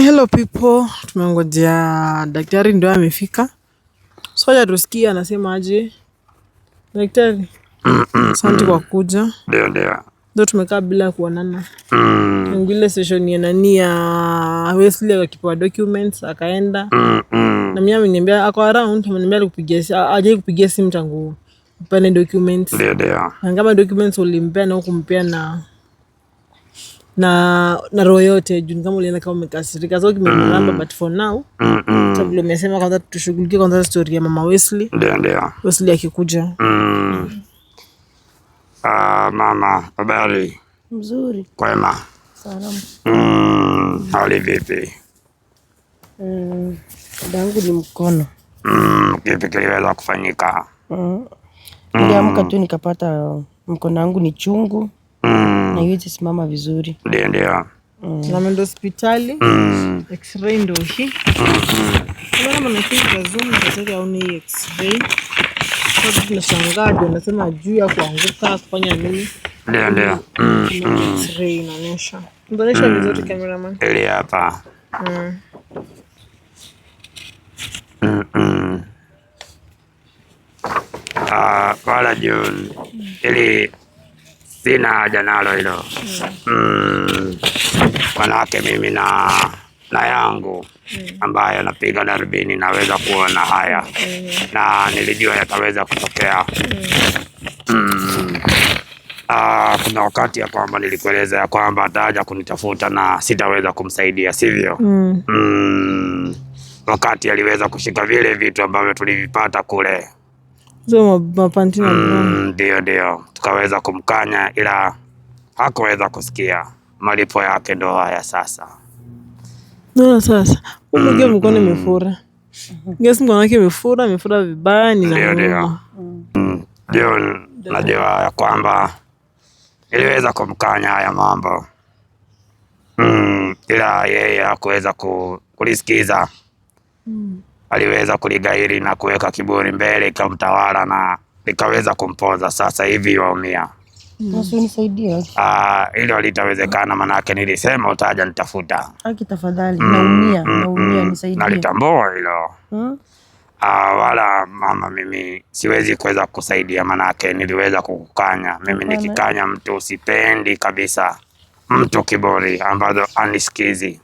Hello people, tumengojea daktari ndio amefika, soja tusikie anasema aje. Daktari, asante kwa kuja. Ndio ndio, ndio tumekaa bila kuonana Mm. ile session ya nani ya Wesley, akipewa documents akaenda mm, mm. na mimi ameniambia ako around, ameniambia alikupigia, ajai kupigia simu tangu mpane documents. Ndio ndio, na kama documents ulimpea na hukumpea na na na roho yote juu kama ulienda kama umekasirika so kimelamba mm. but for now mm -mm. sababu so, umesema kwanza tushughulikie kwanza story ya mama Wesley ndio ndio Wesley akikuja mm. ah mama habari mzuri kwema salamu mm. hali vipi mm. dangu ni mkono mm. kipi kiliweza kufanyika mm. mm. niliamka mm. tu nikapata mkono wangu ni chungu Mm. na iweze simama vizuri ndio ndio mm. nameenda hospitali mm. x-ray ndo hii mm-hmm. auni x-ray juu ya kuanguka kufanya nini? Ndio ndio, mm-hmm. x-ray inaonyesha inaonyesha vizuri cameraman, ile hapa mm-hmm. ah, wala John sina haja nalo hilo mm. mimi na na yangu ambayo napiga darubini naweza kuona haya na nilijua yataweza kutokea mm. Uh, kuna wakati ya kwamba nilikueleza ya kwamba ataja kunitafuta na sitaweza kumsaidia, sivyo? mm. Mm. Wakati aliweza kushika vile vitu ambavyo tulivipata kule hmm, ndio, so, ndio tukaweza kumkanya, ila hakuweza kusikia. Malipo yake ndo haya sasa. Na sasa umegea mm, mkono mm. imefura mm. Gesi mkono wake imefura, imefura vibaya. Ni ndio mm, ndio najua ya kwamba iliweza kumkanya haya mambo mm, ila yeye hakuweza kulisikiza mm. Aliweza kuligairi na kuweka kiburi mbele ikamtawala na nikaweza kumpoza sasa hivi waumia Mm. Ah, hilo halitawezekana, manake nilisema utaja nitafuta. Aki tafadhali, mm, naumia, mm, naumia, mm. Nalitambua hilo. Ah, wala mama, mimi siwezi kuweza kusaidia manake niliweza kukukanya mimi. Nikikanya mtu sipendi kabisa, mtu kiburi ambazo anisikizi.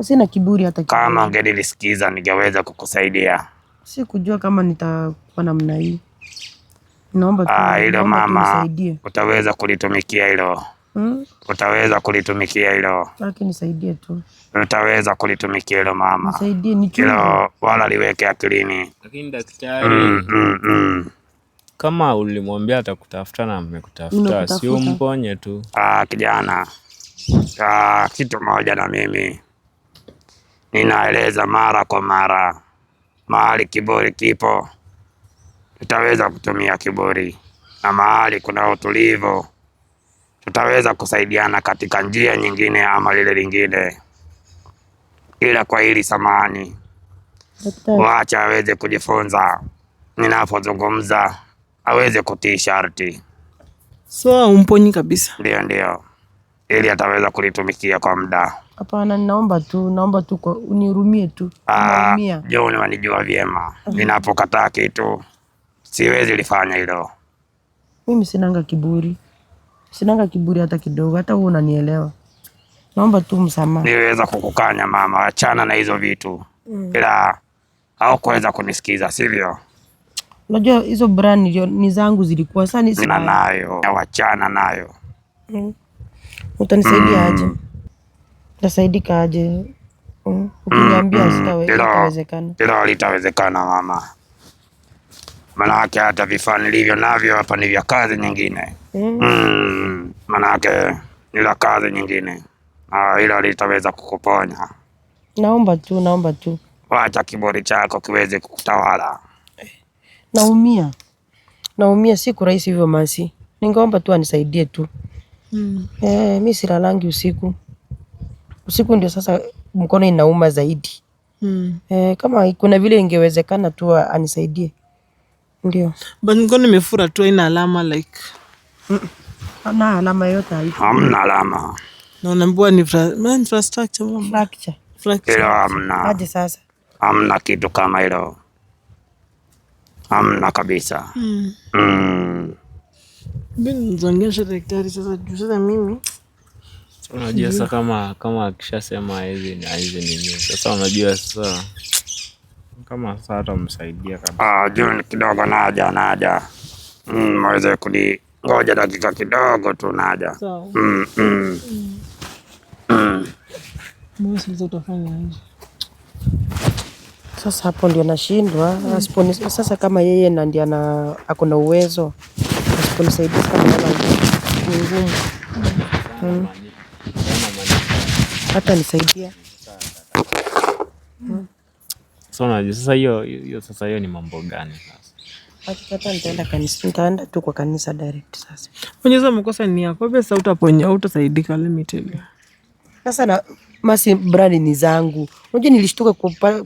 Sina kiburi hata kiburi. Kama angenilisikiza ningeweza kukusaidia. kujua kama nitakuwa namna hii. Ah, hilo mama, utaweza kulitumikia hilo hmm? Utaweza kulitumikia hilo, nisaidie tu, utaweza kulitumikia hilo mama, hilo wala liweke akilini. Lakini daktari, mm, mm, mm. Kama ulimwambia atakutafuta na mmekutafuta, si umponye tu. Ah, kijana, ah, kitu moja na mimi ninaeleza mara kwa mara, mahali kiburi kipo tutaweza kutumia kiburi na mahali kuna utulivu tutaweza kusaidiana katika njia nyingine ama lile lingine, ila kwa hili samani, wacha aweze kujifunza ninapozungumza, aweze kutii sharti. So umponi kabisa? Ndio, ndio, ili ataweza kulitumikia kwa muda. Hapana, naomba tu, naomba tu, unirumie tu, ah, unirumia. Unanijua vyema ninapokataa kitu siwezi lifanya hilo. Mimi sinanga kiburi, sinanga kiburi hata kidogo, hata wewe unanielewa. Naomba tu msamaha. Niweza kukukanya mama, achana na hizo vitu mm. Ila kuweza kunisikiza, sivyo? Unajua hizo brand ni zangu zilikuwa sana sina nayo, wachana nayo mm. Utanisaidia mm. aje? Utasaidika aje? mm. Ukiniambia mm. mm. sitawezekana. Hilo litawezekana mama. Manake hata vifaa nilivyo navyo hapa ni vya kazi nyingine mm. Mm, manake ni la kazi nyingine ah, ila litaweza kukuponya. Naomba tu, naomba tu, wacha kiburi chako kiweze kukutawala. Eh, naumia, naumia, siku rahisi hivyo masi, ningeomba tu anisaidie tu mm. Eh, mi silalangi usiku, usiku ndio sasa mkono inauma zaidi mm. Eh, kama kuna vile ingewezekana tu anisaidie ndio. But tu aina alama like. Hamna alama yote haiko. Hamna alama. Na unaambiwa ni infrastructure Fracture. Fracture. hamna. Hadi sasa. Hamna kitu kama hilo. Hamna kabisa. Hmm. Mm. daktari sasa mimi unajua sasa kama kama akishasema hizi na hizi nini sasa unajua sasa kama saa msaidia kabisa. Ah, Juni kidogo naja naja, mm, mweze kuni ngoja dakika kidogo tu naja. Sawa. mm, mm. mm. mm. Sasa hapo ndio nashindwa mm. Sasa kama yeye na ndio ana ako na uwezo asiponisaidia sana ngumu mm. mm. hata nisaidia So najua sasa hiyo hiyo sasa hiyo ni mambo gani sasa? Akipata nitaenda kanisa, nitaenda tu kwa kanisa direct sasa. ni yako, pesa utaponya, utasaidika limited. Sasa na masi ni zangu. Unajua nilishtuka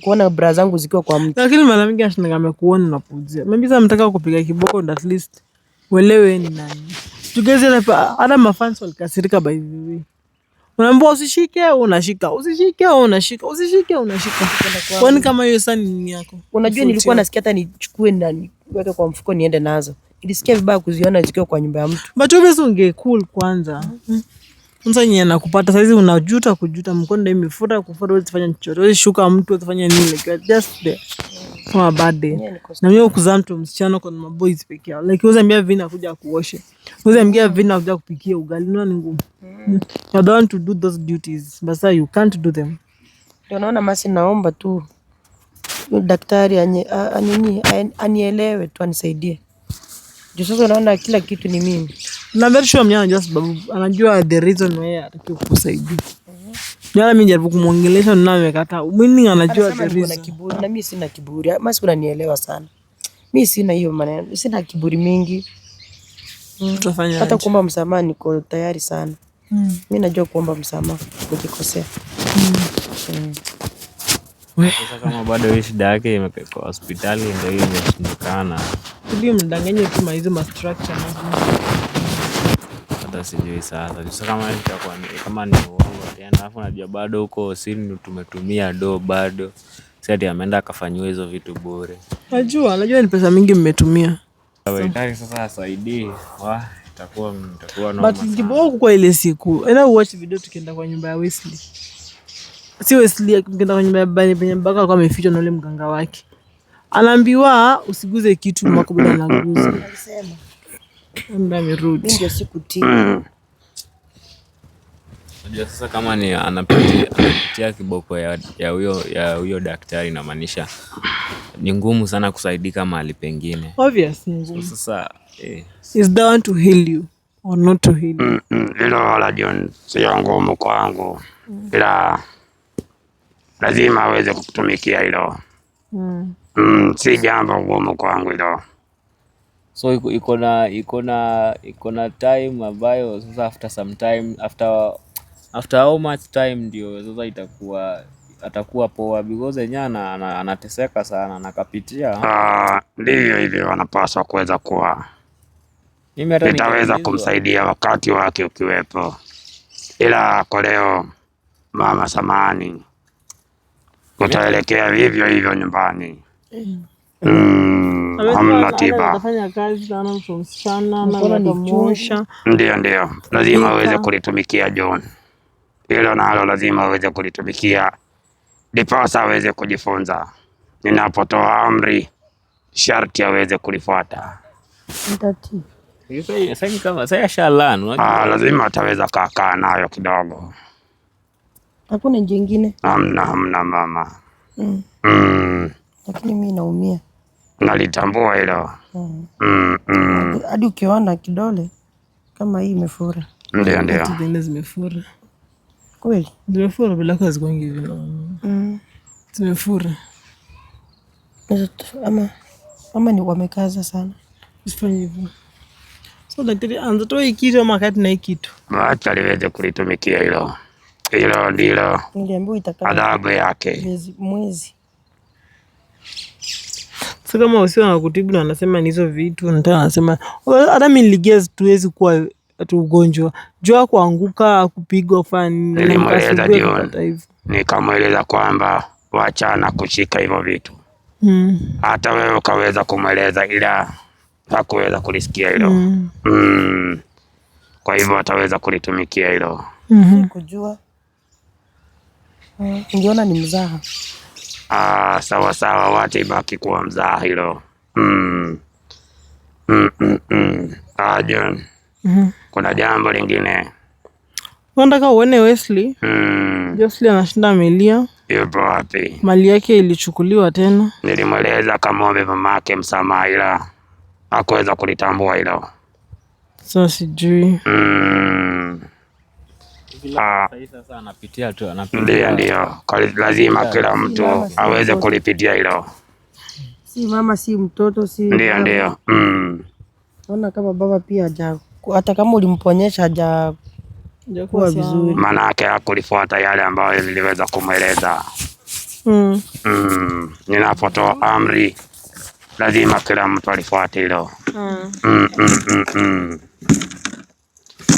kuona bra zangu zikiwa kwa mtu. Lakini mara mingi ashinda amekuona na kuuzia. Mimi sasa mtaka kupiga kiboko at least uelewe ni nani. Tugeze hata mafans walikasirika by the way unaambiwa usishike, unashika, usishike, unashika, usishike, unashika. Kwani kama hiyo sasa ni yako? Unajua, nilikuwa nasikia hata nichukue na niweke kwa mfuko niende nazo, ilisikia vibaya kuziona zikiwa kwa nyumba ya mtu, but cool kwanza. Mm-hmm. Sasa yenye nakupata saizi unajuta kujuta mkono ndio imefuta kufuta, wewe usifanye chochote, wewe shuka mtu usifanye nini, like you just there for a bad day. Na mimi ukuzaa mtu msichana kwa ma boys peke yao, like wewe ambia vina kuja kuoshe, wewe ambia vina kuja kupikia ugali, na ni ngumu. You mm. don't to do those duties but you can't do them. Ndio naona masi, naomba tu daktari anye anini anielewe tu anisaidie, juu sasa naona kila kitu ni mimi Nadhani sure mnyanya sababu anajua the reason why atakiwa kukusaidia. Jana yaani mimi jaribu kumwongelesha na amekataa. Mimi anajua the reason. Ana kiburi na mimi sina kiburi. Ama si unanielewa sana. Mimi sina hiyo maneno. Sina kiburi mingi. Mm, tutafanya. Hata kuomba msamaha niko tayari sana. Mm. Mimi najua kuomba msamaha nikikosea. Mm. Sasa kama bado hii shida yake imepelekwa hospitali ndio hiyo imeshindikana. Ndio mdanganye tu maizo ma structure na hata sijui sasa. Sasa kama nitakuwa kama ni uongo tena, alafu najua bado huko simu tumetumia do bado, sasa ati ameenda akafanyiwa hizo vitu bure. Najua najua ni pesa mingi mmetumia. Daktari sasa asaidi wa itakuwa itakuwa noma. But kibovu kwa ile siku, ena watch video tukienda kwa nyumba ya Wesley, si Wesley, tukienda kwa nyumba ya bani penye mbaka alikuwa amefichwa na ule mganga wake, anaambiwa usiguze kitu mwako bila naguza sasa kama ni anapitia kiboko ya huyo ya huyo daktari inamaanisha ni ngumu sana kusaidika mahali pengine. Obvious ni ngumu. Sasa eh, is the one to heal you or not to heal you. Mm, mm, hilo wala John, sio ngumu kwangu, ila lazima aweze kutumikia hilo. Mm, mm si jambo ngumu kwangu hilo so iko na iko na iko na time ambayo sasa after some time after after how much time ndio sasa itakuwa atakuwa poa because yenyewe anateseka sana nakapitia. Ah, ndivyo hivyo anapaswa kuweza kuwa, nitaweza kumsaidia wakati wake ukiwepo, ila kwa leo mama, samani, utaelekea vivyo hivyo nyumbani. mm. Mm, hamna Ndio, ndio, lazima aweze kulitumikia John, hilo nalo lazima aweze kulitumikia, ndiposa aweze kujifunza. Ninapotoa amri, sharti aweze kulifuata. Ah, lazima ataweza kakaa nayo kidogo. Hakuna jingine, hamna, hamna mama. Mm. Mm. Lakini mimi naumia nalitambua hilo mm. mm, mm. Hadi ukiona kidole kama hii imefura, ndio ndio zingine zimefura kweli, zimefura bila kazi kwangi hivi mm. zimefura ama, ama ni wamekaza sana, usifanye hivyo. So daktari anza toa hii kitu ama kati na hii kitu, acha liweze kulitumikia hilo hilo, ndilo adhabu yake mwezi. So kama usio na kutibu na anasema ni hizo vitu, nataka anasema hata mimi niligesi tuwezi kuwa tu ugonjwa jua kuanguka kupigwa fani. Nilimweleza Dion nikamweleza kwamba wachana kushika hivyo vitu hmm. hata mm. wewe ukaweza kumweleza ila hakuweza kulisikia hilo mm. mm. Kwa hivyo ataweza kulitumikia hilo mm -hmm. Kujua mm. ni mzaha Ah, sawa sawa, wacha ibaki kuwa mzaa hilo. Mm. Mm -mm -mm. Ah, John. Mm -hmm. hmm, hmm, hmm. Mhm. Kuna jambo lingine nataka uone Wesley. Mm. Wesley anashinda milia Yupo wapi? Mali yake ilichukuliwa tena. Nilimweleza kamwombe mamake msamaha ila hakuweza kulitambua hilo. Sasa sijui. Mm. Ah. Ndio, ndio, lazima kila mtu aweze kulipitia hilo. Si mama, si mtoto, si ndio, ndio. Mm. Ona kama baba pia haja, hata kama ulimponyesha haja kuwa vizuri, maana yake hakulifuata yale ambayo niliweza kumweleza. Mm. Mm. Ninapotoa amri lazima kila mtu alifuate hilo. Mm. Mm, mm, mm, mm.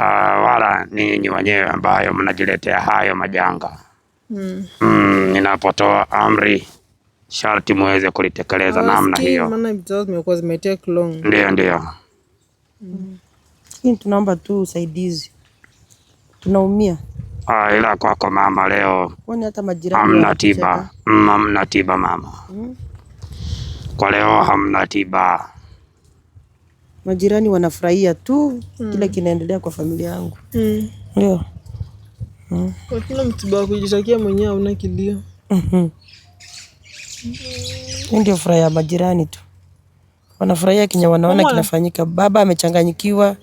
uh, wala ninyi wenyewe ambayo mnajiletea hayo majanga mm. Mm, ninapotoa amri sharti muweze kulitekeleza ah, namna hiyo. Ndio, ndio. Hmm. tunaomba tu usaidizi, tunaumia. Ah, ila kwako mama leo hamna tiba, hmm, hamna tiba mama, hmm. kwa leo hamna tiba majirani wanafurahia tu mm. kila kinaendelea kwa familia yangu mm. ndio mm. Hakuna msiba wa kujitakia mwenyewe, auna kilio mm mm. Ndio furaha ya majirani tu, wanafurahia kenye wanaona kinafanyika. Baba amechanganyikiwa,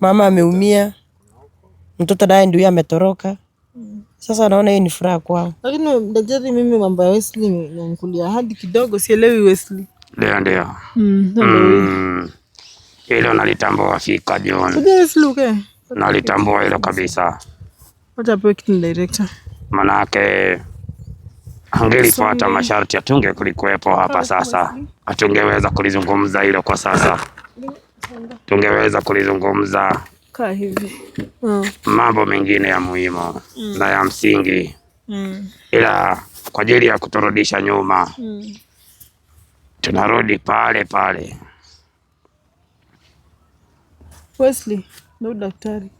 mama ameumia, mtoto naye ndio ametoroka sasa naona hii ni furaha kwao. Lakini daktari, mimi mambo ya Wesley nimekulia hadi kidogo sielewi Wesley. Ndio ndio. Mm, hilo nalitambua fika John. Eh. Nalitambua hilo kabisa. Manake angelifuata masharti atunge kulikuwepo hapa sasa. atungeweza kulizungumza hilo kwa sasa. Tungeweza kulizungumza ah. mambo mengine ya muhimu mm. na ya msingi mm. ila kwa ajili ya kuturudisha nyuma mm. tunarudi pale pale. Wesley, no daktari.